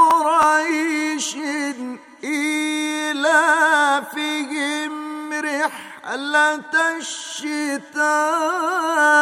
قريش إلى فيهم رحلة الشتاء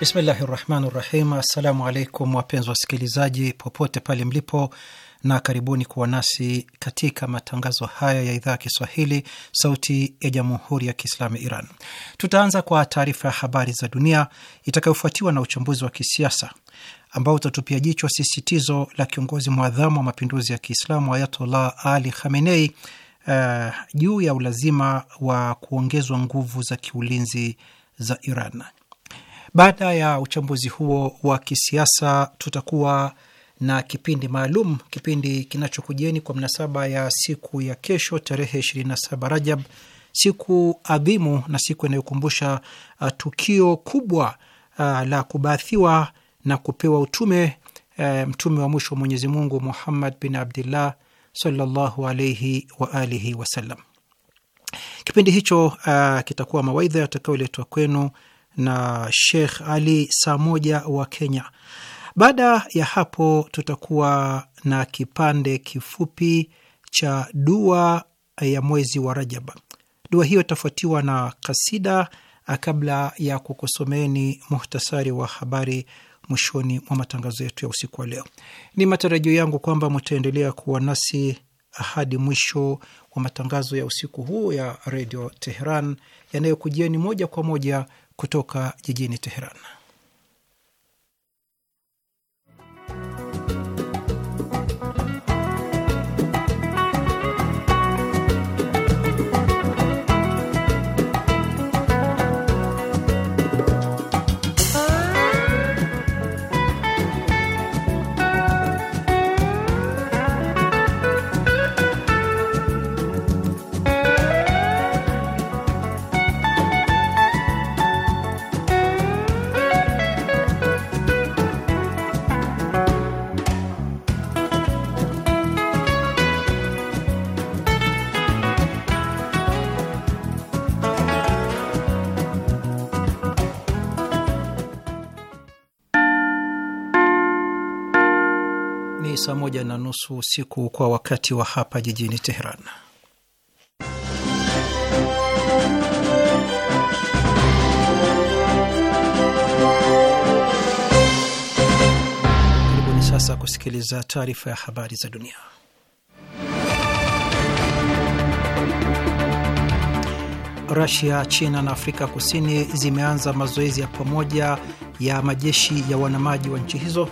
Bismillahi rahmani rahim. Assalamu alaikum wapenzi wasikilizaji popote pale mlipo, na karibuni kuwa nasi katika matangazo haya ya idhaa ya Kiswahili sauti ya jamhuri ya Kiislamu ya Iran. Tutaanza kwa taarifa ya habari za dunia itakayofuatiwa na uchambuzi wa kisiasa ambao utatupia jicho sisitizo la kiongozi mwadhamu wa mapinduzi ya Kiislamu Ayatollah Ali Khamenei eh, juu uh, ya ulazima wa kuongezwa nguvu za kiulinzi za Iran. Baada ya uchambuzi huo wa kisiasa, tutakuwa na kipindi maalum, kipindi kinachokujieni kwa mnasaba ya siku ya kesho tarehe 27 Rajab, siku adhimu na siku inayokumbusha uh, tukio kubwa uh, la kubaathiwa na kupewa utume uh, mtume wa mwisho wa Mwenyezi Mungu Muhammad bin Abdillah sallallahu alaihi wa alihi wasallam. Kipindi hicho uh, kitakuwa mawaidha yatakayoletwa kwenu na Sheikh Ali saa moja wa Kenya. Baada ya hapo, tutakuwa na kipande kifupi cha dua ya mwezi wa Rajab. Dua hiyo itafuatiwa na kasida kabla ya kukusomeni muhtasari wa habari mwishoni mwa matangazo yetu ya usiku wa leo. Ni matarajio yangu kwamba mtaendelea kuwa nasi hadi mwisho wa matangazo ya usiku huu ya Redio Teheran yanayokujieni moja kwa moja kutoka jijini Teheran. saa moja na nusu usiku kwa wakati wa hapa jijini Teheran. Karibuni sasa kusikiliza taarifa ya habari za dunia. Rasia, China na Afrika Kusini zimeanza mazoezi ya pamoja ya majeshi ya wanamaji wa nchi hizo.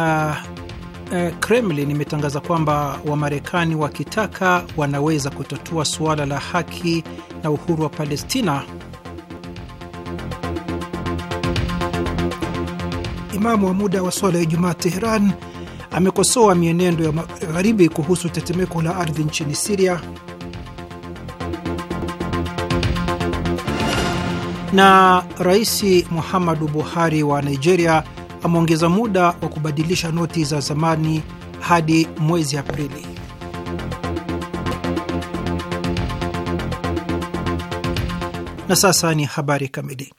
uh, Kremlin imetangaza kwamba Wamarekani wakitaka wanaweza kutatua suala la haki na uhuru wa Palestina. Imamu wa muda wa swala ya Ijumaa Teheran amekosoa mienendo ya magharibi kuhusu tetemeko la ardhi nchini Siria. Na Rais Muhammadu Buhari wa Nigeria ameongeza muda wa kubadilisha noti za zamani hadi mwezi Aprili. Na sasa ni habari kamili.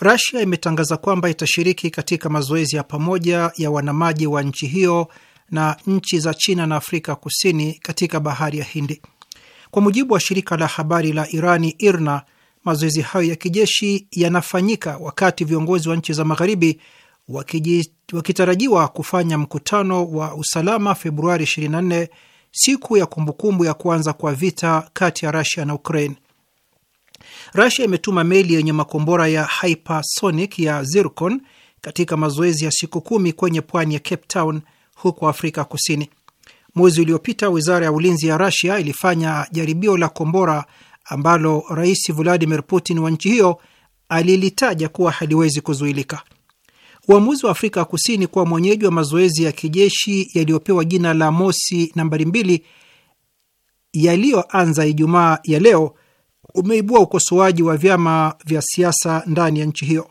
rasia imetangaza kwamba itashiriki katika mazoezi ya pamoja ya wanamaji wa nchi hiyo na nchi za China na Afrika Kusini katika bahari ya Hindi. Kwa mujibu wa shirika la habari la Irani IRNA, mazoezi hayo ya kijeshi yanafanyika wakati viongozi wa nchi za magharibi wakitarajiwa kufanya mkutano wa usalama Februari 24, siku ya kumbukumbu ya kuanza kwa vita kati ya Rusia na Ukraine. Rusia imetuma meli yenye makombora ya hypersonic ya Zircon katika mazoezi ya siku kumi kwenye pwani ya Cape Town huko Afrika Kusini. Mwezi uliopita wizara ya ulinzi ya Rusia ilifanya jaribio la kombora ambalo Rais Vladimir Putin wa nchi hiyo alilitaja kuwa haliwezi kuzuilika. Uamuzi wa Afrika Kusini kuwa mwenyeji wa mazoezi ya kijeshi yaliyopewa jina la Mosi nambari mbili yaliyoanza Ijumaa ya leo umeibua ukosoaji wa vyama vya siasa ndani ya nchi hiyo.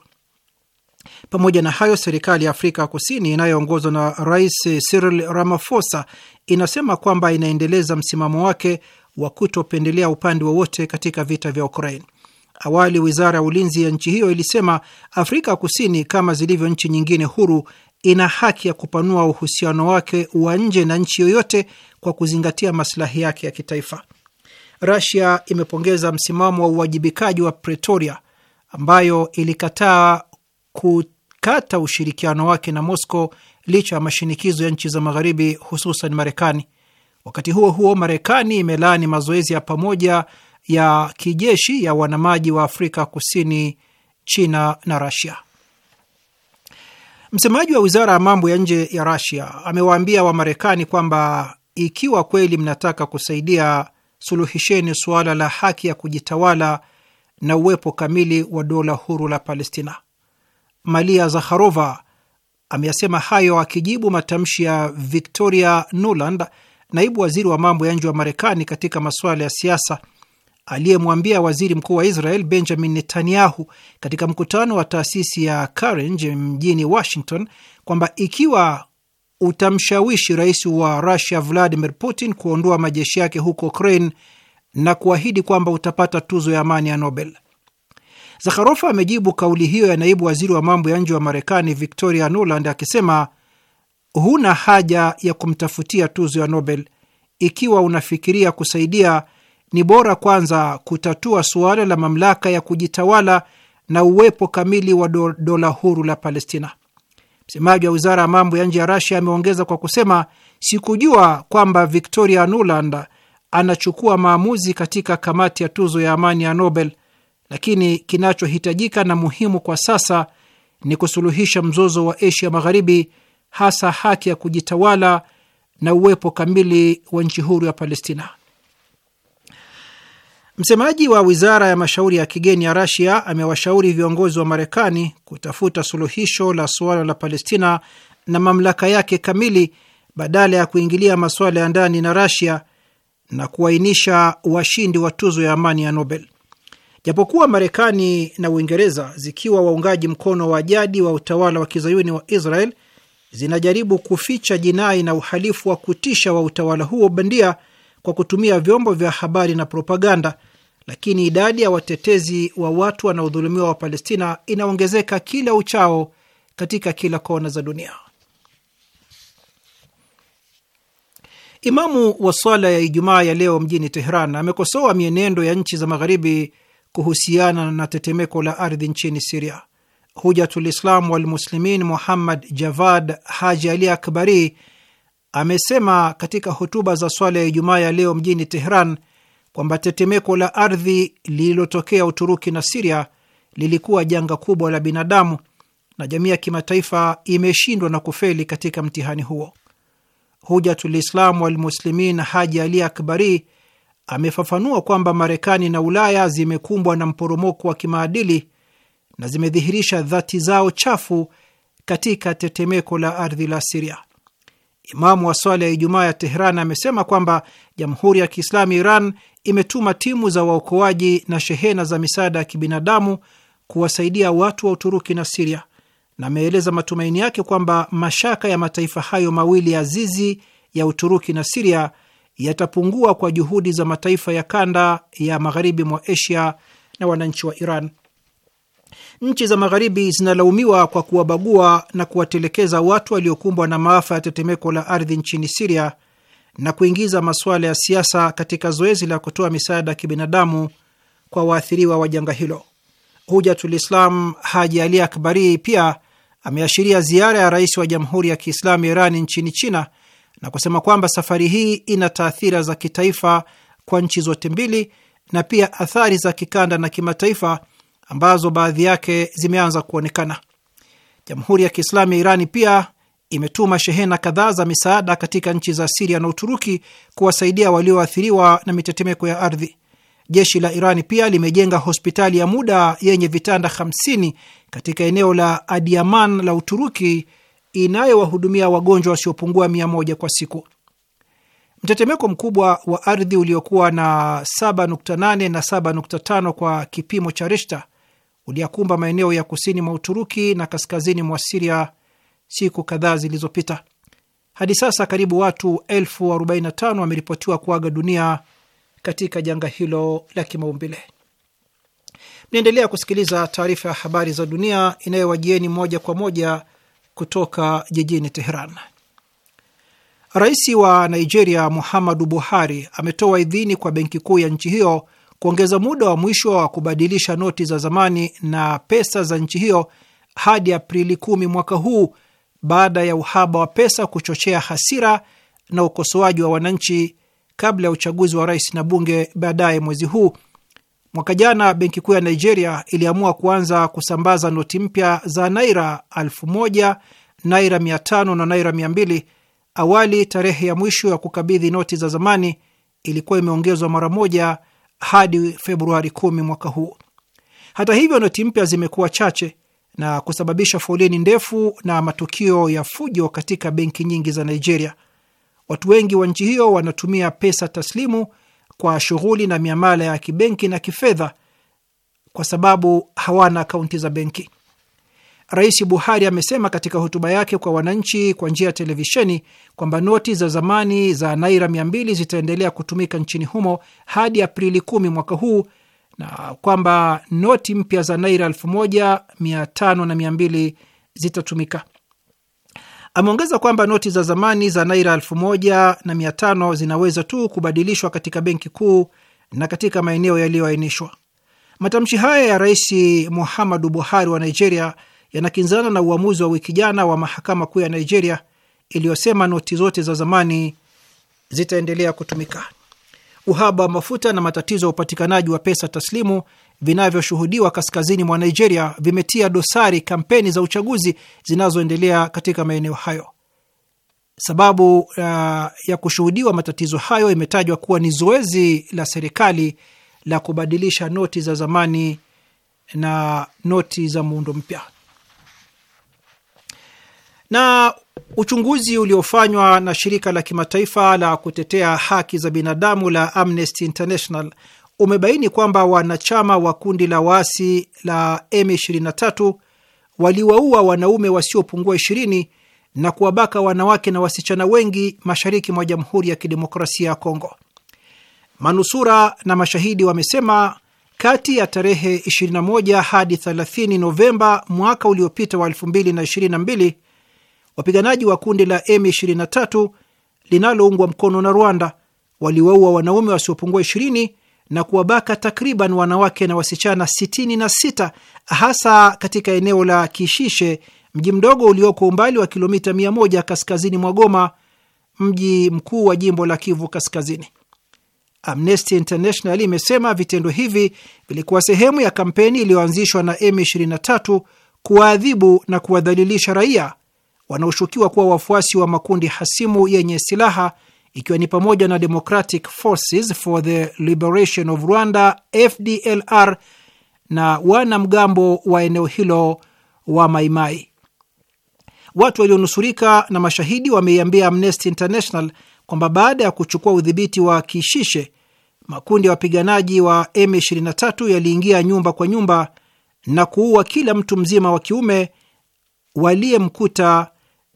Pamoja na hayo, serikali ya Afrika Kusini inayoongozwa na Rais Cyril Ramaphosa inasema kwamba inaendeleza msimamo wake wa kutopendelea upande wowote katika vita vya Ukraine. Awali wizara ya ulinzi ya nchi hiyo ilisema Afrika Kusini, kama zilivyo nchi nyingine huru, ina haki ya kupanua uhusiano wake wa nje na nchi yoyote kwa kuzingatia masilahi yake ya kitaifa. rasia imepongeza msimamo wa uwajibikaji wa Pretoria ambayo ilikataa kukata ushirikiano wake na Moscow licha ya mashinikizo ya nchi za magharibi hususan Marekani. Wakati huo huo, Marekani imelaani mazoezi ya pamoja ya kijeshi ya wanamaji wa Afrika Kusini, China na Rasia. Msemaji wa wizara ya mambo ya nje ya Rasia amewaambia Wamarekani kwamba ikiwa kweli mnataka kusaidia, suluhisheni suala la haki ya kujitawala na uwepo kamili wa dola huru la Palestina. Malia Zakharova ameyasema hayo akijibu matamshi ya Victoria Nuland, naibu waziri wa mambo ya nje wa Marekani katika masuala ya siasa, aliyemwambia waziri mkuu wa Israel Benjamin Netanyahu katika mkutano wa taasisi ya Carnegie mjini Washington kwamba ikiwa utamshawishi rais wa Russia Vladimir Putin kuondoa majeshi yake huko Ukraine na kuahidi kwamba utapata tuzo ya amani ya Nobel. Zakharov amejibu kauli hiyo ya naibu waziri wa mambo ya nje wa Marekani Victoria Nuland akisema huna haja ya kumtafutia tuzo ya Nobel ikiwa unafikiria kusaidia ni bora kwanza kutatua suala la mamlaka ya kujitawala na uwepo kamili wa do, dola huru la Palestina. Msemaji wa wizara ya mambo ya nje ya Rasia ameongeza kwa kusema, sikujua kwamba Victoria Nuland anachukua maamuzi katika kamati ya tuzo ya amani ya Nobel, lakini kinachohitajika na muhimu kwa sasa ni kusuluhisha mzozo wa Asia Magharibi, hasa haki ya kujitawala na uwepo kamili wa nchi huru ya Palestina. Msemaji wa wizara ya mashauri ya kigeni ya Rasia amewashauri viongozi wa Marekani kutafuta suluhisho la suala la Palestina na mamlaka yake kamili badala ya kuingilia masuala ya ndani na Rasia na kuainisha washindi wa tuzo ya amani ya Nobel. Japokuwa Marekani na Uingereza zikiwa waungaji mkono wa jadi wa utawala wa kizayuni wa Israel zinajaribu kuficha jinai na uhalifu wa kutisha wa utawala huo bandia kwa kutumia vyombo vya habari na propaganda, lakini idadi ya watetezi wa watu wanaodhulumiwa wa Palestina inaongezeka kila uchao katika kila kona za dunia. Imamu wa swala ya Ijumaa ya leo mjini Tehran amekosoa mienendo ya nchi za magharibi kuhusiana na tetemeko la ardhi nchini Siria. Hujatulislam walmuslimin Muhammad Javad Haji Ali Akbari amesema katika hotuba za swala ya Ijumaa ya leo mjini Tehran kwamba tetemeko la ardhi lililotokea Uturuki na Siria lilikuwa janga kubwa la binadamu na jamii ya kimataifa imeshindwa na kufeli katika mtihani huo. Hujatulislamu Walmuslimin Haji Ali Akbari amefafanua kwamba Marekani na Ulaya zimekumbwa na mporomoko wa kimaadili na zimedhihirisha dhati zao chafu katika tetemeko la ardhi la Siria. Imamu wa swala ya Ijumaa ya Teheran amesema kwamba Jamhuri ya Kiislamu Iran imetuma timu za waokoaji na shehena za misaada ya kibinadamu kuwasaidia watu wa Uturuki na Siria, na ameeleza matumaini yake kwamba mashaka ya mataifa hayo mawili azizi ya Uturuki na Siria yatapungua kwa juhudi za mataifa ya kanda ya magharibi mwa Asia na wananchi wa Iran. Nchi za Magharibi zinalaumiwa kwa kuwabagua na kuwatelekeza watu waliokumbwa na maafa ya tetemeko la ardhi nchini Siria na kuingiza masuala ya siasa katika zoezi la kutoa misaada ya kibinadamu kwa waathiriwa wa janga hilo. Hujatul Islam Haji Ali Akbari pia ameashiria ziara ya rais wa Jamhuri ya Kiislamu Iran nchini China na kusema kwamba safari hii ina taathira za kitaifa kwa nchi zote mbili na pia athari za kikanda na kimataifa ambazo baadhi yake zimeanza kuonekana. Jamhuri ya Kiislamu ya Irani pia imetuma shehena kadhaa za misaada katika nchi za Siria na Uturuki kuwasaidia walioathiriwa na mitetemeko ya ardhi. Jeshi la Irani pia limejenga hospitali ya muda yenye vitanda 50 katika eneo la Adiaman la Uturuki inayowahudumia wagonjwa wasiopungua 100 kwa siku. Mtetemeko mkubwa wa ardhi uliokuwa na 7.8 na 7.5 kwa kipimo cha Richter uliyakumba maeneo ya kusini mwa Uturuki na kaskazini mwa Siria siku kadhaa zilizopita. Hadi sasa karibu watu elfu arobaini na tano wameripotiwa kuaga dunia katika janga hilo la kimaumbile. Mnaendelea kusikiliza taarifa ya habari za dunia inayowajieni moja kwa moja kutoka jijini Teheran. Rais wa Nigeria Muhammadu Buhari ametoa idhini kwa benki kuu ya nchi hiyo kuongeza muda wa mwisho wa kubadilisha noti za zamani na pesa za nchi hiyo hadi Aprili kumi mwaka huu baada ya uhaba wa pesa kuchochea hasira na ukosoaji wa wananchi kabla ya uchaguzi wa rais na bunge baadaye mwezi huu. Mwaka jana benki kuu ya Nigeria iliamua kuanza kusambaza noti mpya za naira elfu moja, naira mia tano na naira mia mbili. Awali tarehe ya mwisho ya kukabidhi noti za zamani ilikuwa imeongezwa mara moja hadi Februari kumi mwaka huu. Hata hivyo, noti mpya zimekuwa chache na kusababisha foleni ndefu na matukio ya fujo katika benki nyingi za Nigeria. Watu wengi wa nchi hiyo wanatumia pesa taslimu kwa shughuli na miamala ya kibenki na kifedha kwa sababu hawana akaunti za benki. Rais Buhari amesema katika hotuba yake kwa wananchi kwa njia ya televisheni kwamba noti za zamani za naira 200 zitaendelea kutumika nchini humo hadi Aprili 10 mwaka huu na kwamba noti mpya za naira 1500 na 200 zitatumika. Ameongeza kwamba noti za zamani za naira 1500 zinaweza tu kubadilishwa katika benki kuu na katika maeneo yaliyoainishwa. Matamshi haya ya Rais Muhammadu Buhari wa Nigeria yanakinzana na uamuzi wa wiki jana wa mahakama kuu ya Nigeria iliyosema noti zote za zamani zitaendelea kutumika. Uhaba wa mafuta na matatizo ya upatikanaji wa pesa taslimu vinavyoshuhudiwa kaskazini mwa Nigeria vimetia dosari kampeni za uchaguzi zinazoendelea katika maeneo hayo. Sababu uh, ya kushuhudiwa matatizo hayo imetajwa kuwa ni zoezi la serikali la kubadilisha noti za zamani na noti za muundo mpya. Na uchunguzi uliofanywa na shirika la kimataifa la kutetea haki za binadamu la Amnesty International umebaini kwamba wanachama wa kundi la waasi la M23 waliwaua wanaume wasiopungua 20 na kuwabaka wanawake na wasichana wengi mashariki mwa Jamhuri ya Kidemokrasia ya Kongo. Manusura na mashahidi wamesema kati ya tarehe 21 hadi 30 Novemba mwaka uliopita wa 2022 Wapiganaji wa kundi la M23 linaloungwa mkono na Rwanda waliwaua wanaume wasiopungua 20 na kuwabaka takriban wanawake na wasichana 66 hasa katika eneo la Kishishe, mji mdogo ulioko umbali wa kilomita 100 kaskazini mwa Goma, mji mkuu wa jimbo la Kivu Kaskazini. Amnesty International imesema vitendo hivi vilikuwa sehemu ya kampeni iliyoanzishwa na M23 kuwaadhibu na kuwadhalilisha raia wanaoshukiwa kuwa wafuasi wa makundi hasimu yenye silaha ikiwa ni pamoja na Democratic Forces for the Liberation of Rwanda FDLR na wanamgambo wa eneo hilo wa Maimai. Watu walionusurika na mashahidi wameiambia Amnesty International kwamba baada ya kuchukua udhibiti wa Kishishe, makundi ya wapiganaji wa M23 yaliingia nyumba kwa nyumba na kuua kila mtu mzima wa kiume waliyemkuta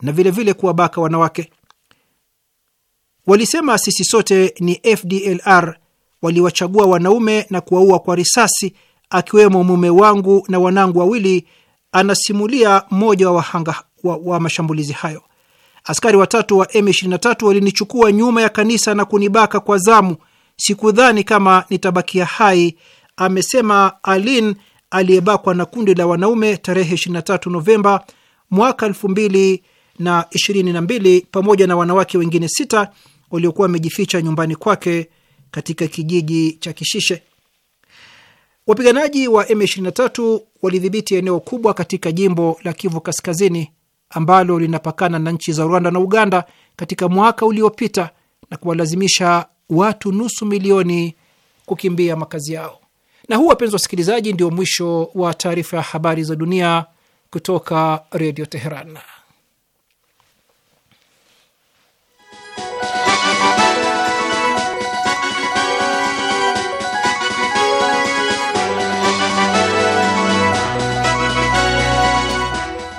na vilevile kuwabaka wanawake. Walisema sisi sote ni FDLR. Waliwachagua wanaume na kuwaua kwa risasi, akiwemo mume wangu na wanangu wawili, anasimulia mmoja wa wahanga wa, wa mashambulizi hayo. Askari watatu wa M23 walinichukua nyuma ya kanisa na kunibaka kwa zamu. Sikudhani kama nitabakia hai, amesema Alin aliyebakwa na kundi la wanaume tarehe 23 Novemba mwaka 2000 na 22 pamoja na wanawake wengine sita waliokuwa wamejificha nyumbani kwake katika kijiji cha Kishishe. Wapiganaji wa M23 walidhibiti eneo kubwa katika jimbo la Kivu Kaskazini ambalo linapakana na nchi za Rwanda na Uganda katika mwaka uliopita na kuwalazimisha watu nusu milioni kukimbia makazi yao. Na huu, wapenzi wasikilizaji, ndio mwisho wa taarifa ya habari za dunia kutoka Redio Teheran.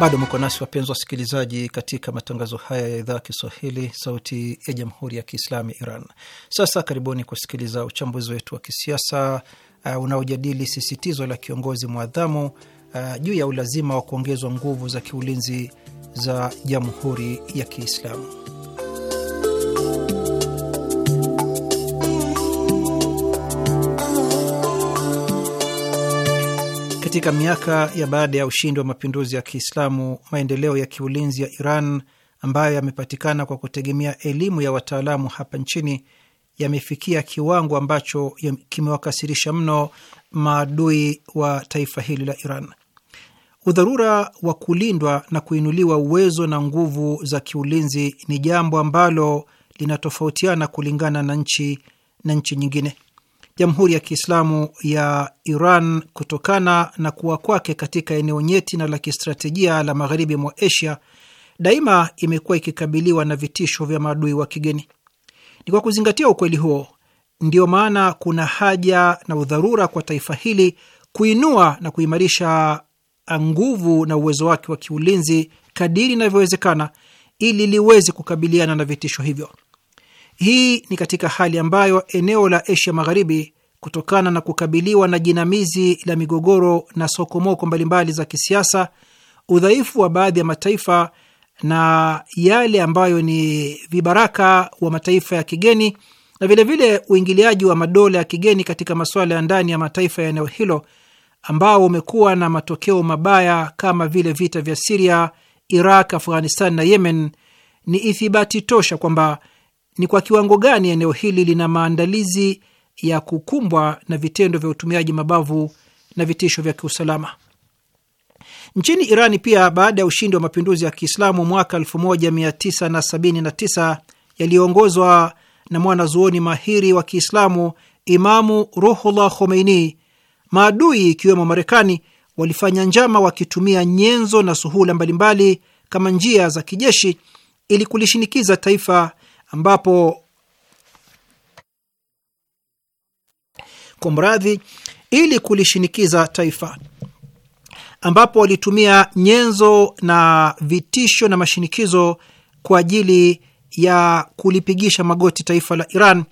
Bado mko nasi wapenzi wasikilizaji, katika matangazo haya ya idhaa ya Kiswahili, sauti ya jamhuri ya kiislamu ya Iran. Sasa karibuni kusikiliza uchambuzi wetu wa kisiasa uh, unaojadili sisitizo la kiongozi mwadhamu uh, juu ya ulazima wa kuongezwa nguvu za kiulinzi za jamhuri ya Kiislamu. Katika miaka ya baada ya ushindi wa mapinduzi ya Kiislamu, maendeleo ya kiulinzi ya Iran ambayo yamepatikana kwa kutegemea elimu ya wataalamu hapa nchini yamefikia kiwango ambacho ya kimewakasirisha mno maadui wa taifa hili la Iran. Udharura wa kulindwa na kuinuliwa uwezo na nguvu za kiulinzi ni jambo ambalo linatofautiana kulingana na nchi na nchi nyingine. Jamhuri ya Kiislamu ya Iran kutokana na kuwa kwake katika eneo nyeti na la kistratejia la magharibi mwa Asia daima imekuwa ikikabiliwa na vitisho vya maadui wa kigeni. Ni kwa kuzingatia ukweli huo ndiyo maana kuna haja na udharura kwa taifa hili kuinua na kuimarisha nguvu na uwezo wake wa kiulinzi kadiri inavyowezekana ili liweze kukabiliana na vitisho hivyo. Hii ni katika hali ambayo eneo la Asia Magharibi, kutokana na kukabiliwa na jinamizi la migogoro na sokomoko mbalimbali za kisiasa, udhaifu wa baadhi ya mataifa na yale ambayo ni vibaraka wa mataifa ya kigeni na vilevile vile uingiliaji wa madola ya kigeni katika masuala ya ndani ya mataifa ya eneo hilo ambao umekuwa na matokeo mabaya kama vile vita vya Siria, Iraq, Afghanistan na Yemen ni ithibati tosha kwamba ni kwa kiwango gani eneo hili lina maandalizi ya kukumbwa na vitendo vya utumiaji mabavu na vitisho vya kiusalama. Nchini Irani pia, baada ya ushindi wa mapinduzi ya Kiislamu mwaka 1979 yaliyoongozwa na mwanazuoni mahiri wa Kiislamu Imamu Ruhullah Khomeini, maadui ikiwemo Marekani walifanya njama wakitumia nyenzo na suhula mbalimbali kama njia za kijeshi ili kulishinikiza taifa ambapo kumradhi, ili kulishinikiza taifa, ambapo walitumia nyenzo na vitisho na mashinikizo kwa ajili ya kulipigisha magoti taifa la Iran.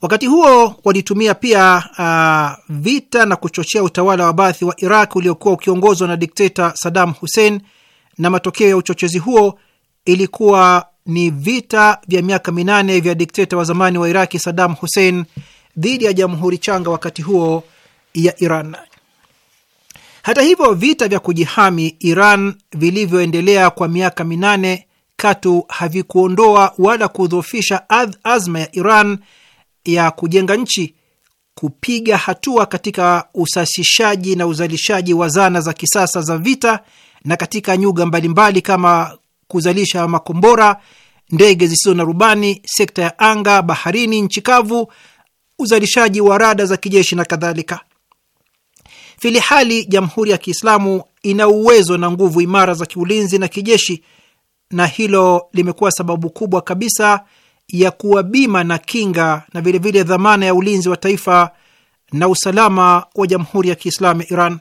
Wakati huo walitumia pia uh, vita na kuchochea utawala wa Baathi wa Iraq uliokuwa ukiongozwa na dikteta Saddam Hussein, na matokeo ya uchochezi huo ilikuwa ni vita vya miaka minane vya dikteta wa zamani wa Iraki Saddam Hussein dhidi ya jamhuri changa wakati huo ya Iran. Hata hivyo, vita vya kujihami Iran vilivyoendelea kwa miaka minane katu havikuondoa wala kudhoofisha azma ya Iran ya kujenga nchi, kupiga hatua katika usasishaji na uzalishaji wa zana za kisasa za vita na katika nyuga mbalimbali mbali kama kuzalisha makombora ndege zisizo na rubani, sekta ya anga, baharini, nchi kavu, uzalishaji wa rada za kijeshi na kadhalika. Filihali Jamhuri ya Kiislamu ina uwezo na nguvu imara za kiulinzi na kijeshi, na hilo limekuwa sababu kubwa kabisa ya kuwa bima na kinga na vilevile dhamana ya ulinzi wa taifa na usalama wa Jamhuri ya Kiislamu ya Iran.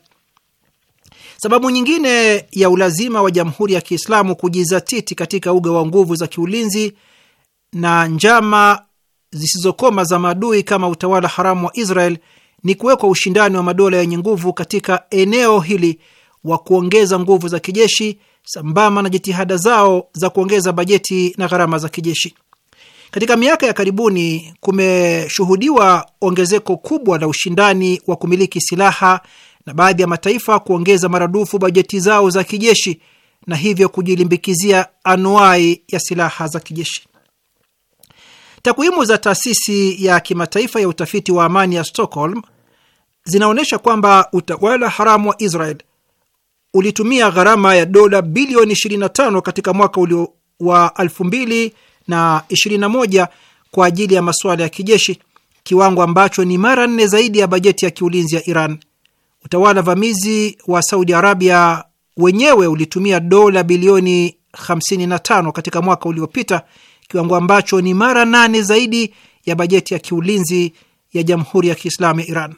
Sababu nyingine ya ulazima wa Jamhuri ya Kiislamu kujizatiti katika uga wa nguvu za kiulinzi na njama zisizokoma za maadui kama utawala haramu wa Israel ni kuwekwa ushindani wa madola yenye nguvu katika eneo hili wa kuongeza nguvu za kijeshi sambamba na jitihada zao za kuongeza bajeti na gharama za kijeshi. Katika miaka ya karibuni kumeshuhudiwa ongezeko kubwa la ushindani wa kumiliki silaha na baadhi ya mataifa kuongeza maradufu bajeti zao za kijeshi na hivyo kujilimbikizia anuai ya silaha za kijeshi. Takwimu za taasisi ya kimataifa ya utafiti wa amani ya Stockholm zinaonyesha kwamba utawala haramu wa Israel ulitumia gharama ya dola bilioni 25 katika mwaka ulio wa 2021 kwa ajili ya masuala ya kijeshi, kiwango ambacho ni mara nne zaidi ya bajeti ya kiulinzi ya Iran. Utawala vamizi wa Saudi Arabia wenyewe ulitumia dola bilioni 55 katika mwaka uliopita, kiwango ambacho ni mara nane zaidi ya bajeti ya kiulinzi ya Jamhuri ya Kiislamu ya Iran.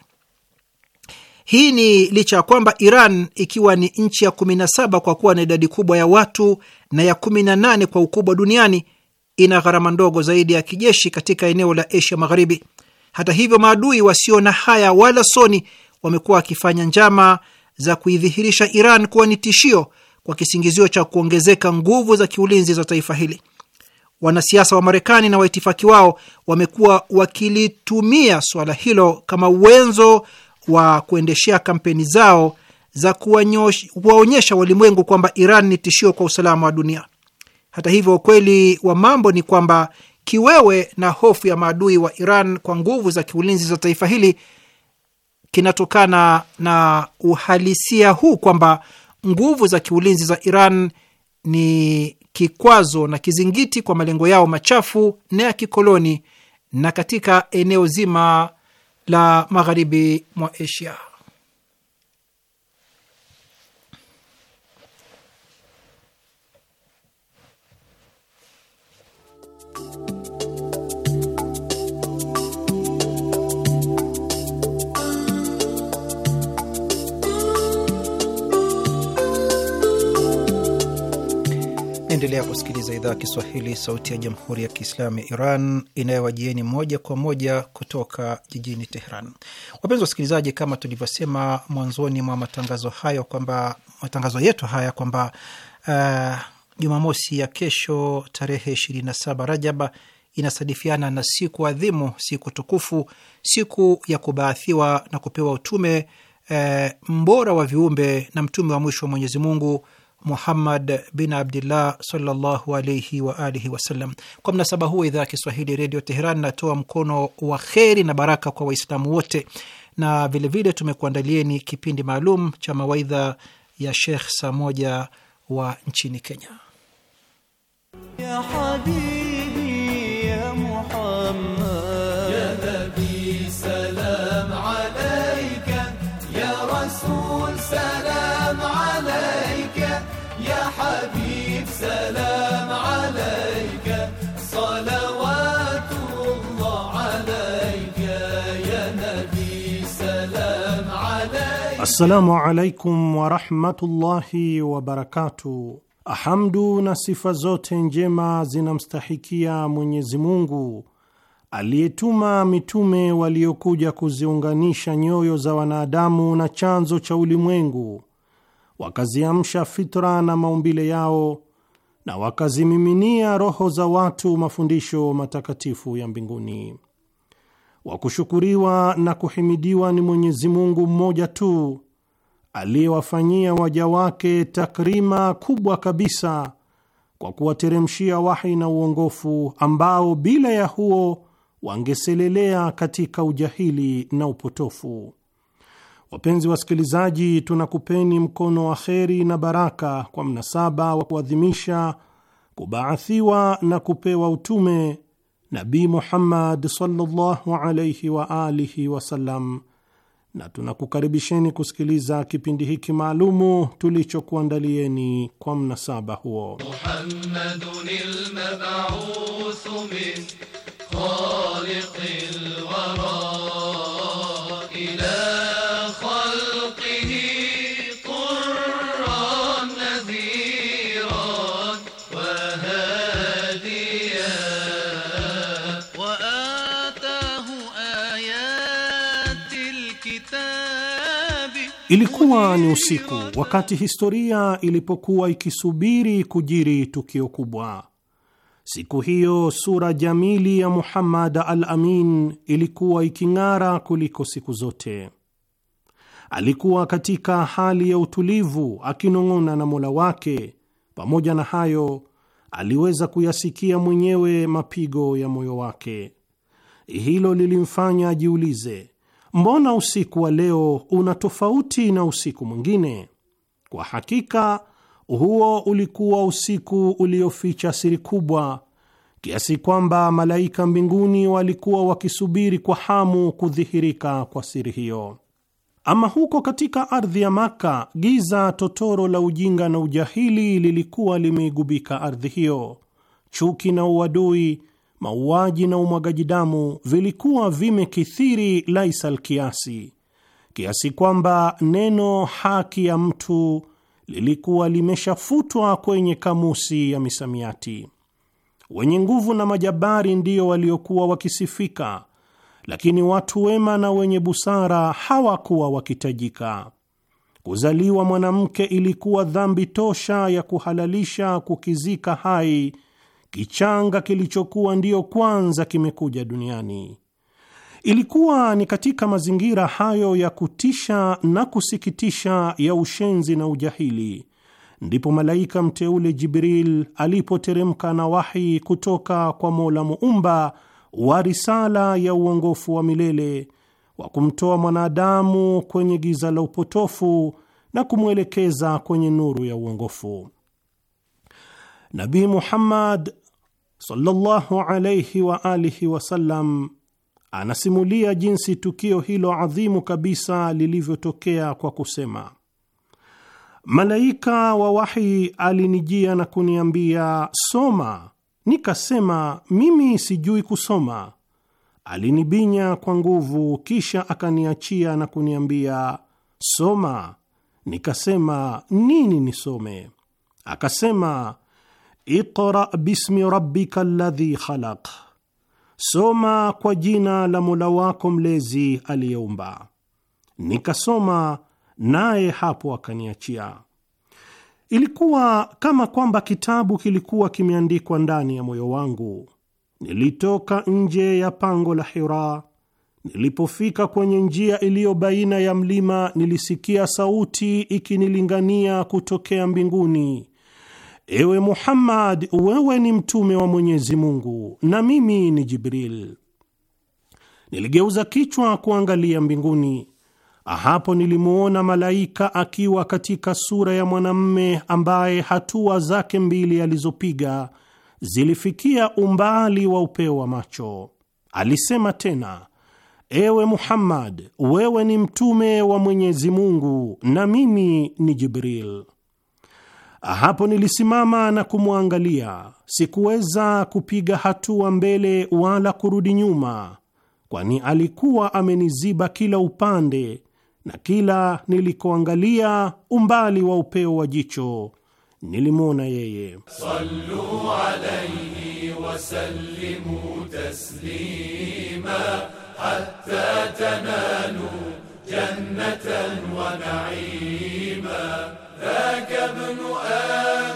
Hii ni licha ya kwamba Iran ikiwa ni nchi ya 17 kwa kuwa na idadi kubwa ya watu na ya 18 kwa ukubwa duniani ina gharama ndogo zaidi ya kijeshi katika eneo la Asia Magharibi. Hata hivyo, maadui wasio na haya wala soni wamekuwa wakifanya njama za kuidhihirisha Iran kuwa ni tishio kwa kisingizio cha kuongezeka nguvu za kiulinzi za taifa hili. Wanasiasa wa Marekani na waitifaki wao wamekuwa wakilitumia suala hilo kama uwenzo wa kuendeshea kampeni zao za kuwaonyesha walimwengu kwamba Iran ni tishio kwa usalama wa dunia. Hata hivyo, ukweli wa mambo ni kwamba kiwewe na hofu ya maadui wa Iran kwa nguvu za kiulinzi za taifa hili kinatokana na uhalisia huu kwamba nguvu za kiulinzi za Iran ni kikwazo na kizingiti kwa malengo yao machafu na ya kikoloni na katika eneo zima la magharibi mwa Asia. Unaendelea kusikiliza idhaa ya Kiswahili, sauti ya jamhuri ya kiislamu ya Iran inayowajieni moja kwa moja kutoka jijini Teheran. Wapenzi wasikilizaji, kama tulivyosema mwanzoni mwa matangazo hayo kwamba matangazo yetu haya kwamba uh, Jumamosi ya kesho tarehe 27 Rajaba inasadifiana na siku adhimu, siku tukufu, siku ya kubaathiwa na kupewa utume uh, mbora wa viumbe na mtume wa mwisho wa Mwenyezi Mungu Muhammad bin Abdillah sallallahu alaihi wa alihi wasallam. Kwa mnasaba huo, idhaa ya Kiswahili Redio Teheran natoa mkono wa kheri na baraka kwa Waislamu wote, na vilevile tumekuandalieni kipindi maalum cha mawaidha ya Shekh saa moja wa nchini Kenya ya habibi, ya Muhammad. Assalamu alaikum warahmatullahi wabarakatu Hamdu na sifa zote njema zinamstahikia Mwenyezi Mungu aliyetuma mitume waliokuja kuziunganisha nyoyo za wanadamu na chanzo cha ulimwengu, wakaziamsha fitra na maumbile yao na wakazimiminia roho za watu mafundisho matakatifu ya mbinguni. Wakushukuriwa na kuhimidiwa ni Mwenyezi Mungu mmoja tu aliyewafanyia waja wake takrima kubwa kabisa kwa kuwateremshia wahi na uongofu ambao bila ya huo wangeselelea katika ujahili na upotofu. Wapenzi wasikilizaji, tunakupeni mkono wa kheri na baraka kwa mnasaba wa kuadhimisha kubaathiwa na kupewa utume Nabii Muhammad sallallahu alayhi wa alihi wasallam na tunakukaribisheni kusikiliza kipindi hiki maalumu tulichokuandalieni kwa mnasaba huo. Muhammadun Ilikuwa ni usiku, wakati historia ilipokuwa ikisubiri kujiri tukio kubwa. Siku hiyo sura jamili ya Muhammad al Amin ilikuwa iking'ara kuliko siku zote. Alikuwa katika hali ya utulivu akinong'ona na Mola wake. Pamoja na hayo, aliweza kuyasikia mwenyewe mapigo ya moyo wake. Hilo lilimfanya ajiulize, mbona usiku wa leo una tofauti na usiku mwingine? Kwa hakika huo ulikuwa usiku ulioficha siri kubwa kiasi kwamba malaika mbinguni walikuwa wakisubiri kwa hamu kudhihirika kwa siri hiyo. Ama huko katika ardhi ya Maka, giza totoro la ujinga na ujahili lilikuwa limeigubika ardhi hiyo. Chuki na uadui mauaji na umwagaji damu vilikuwa vimekithiri laisal kiasi, kiasi kwamba neno haki ya mtu lilikuwa limeshafutwa kwenye kamusi ya misamiati. Wenye nguvu na majabari ndiyo waliokuwa wakisifika, lakini watu wema na wenye busara hawakuwa wakitajika. Kuzaliwa mwanamke ilikuwa dhambi tosha ya kuhalalisha kukizika hai kichanga kilichokuwa ndiyo kwanza kimekuja duniani. Ilikuwa ni katika mazingira hayo ya kutisha na kusikitisha ya ushenzi na ujahili ndipo malaika mteule Jibril alipoteremka na wahi kutoka kwa Mola Muumba wa risala ya uongofu wa milele wa kumtoa mwanadamu kwenye giza la upotofu na kumwelekeza kwenye nuru ya uongofu. Nabi Muhammad sallallahu alayhi wa alihi sallam anasimulia jinsi tukio hilo adhimu kabisa lilivyotokea kwa kusema, malaika wa wahi alinijia na kuniambia soma, nikasema mimi sijui kusoma. Alinibinya kwa nguvu, kisha akaniachia na kuniambia soma, nikasema nini nisome? Akasema Iqra bismi rabbika alladhi khalaq, soma kwa jina la mola wako mlezi aliyeumba. Nikasoma naye hapo akaniachia. Ilikuwa kama kwamba kitabu kilikuwa kimeandikwa ndani ya moyo wangu. Nilitoka nje ya pango la Hira. Nilipofika kwenye njia iliyo baina ya mlima, nilisikia sauti ikinilingania kutokea mbinguni Ewe Muhammad, wewe ni mtume wa Mwenyezi Mungu na mimi ni Jibril. Niligeuza kichwa kuangalia mbinguni. Hapo nilimuona malaika akiwa katika sura ya mwanamme ambaye hatua zake mbili alizopiga zilifikia umbali wa upeo wa macho. Alisema tena, ewe Muhammad, wewe ni mtume wa Mwenyezi Mungu na mimi ni Jibril. Ah, hapo nilisimama na kumwangalia, sikuweza kupiga hatua mbele wala kurudi nyuma, kwani alikuwa ameniziba kila upande, na kila nilikoangalia umbali wa upeo wa jicho nilimwona yeye. Sallu alayhi wa sallimu taslima hatta tanalu jannatan wa naima ذاك ابن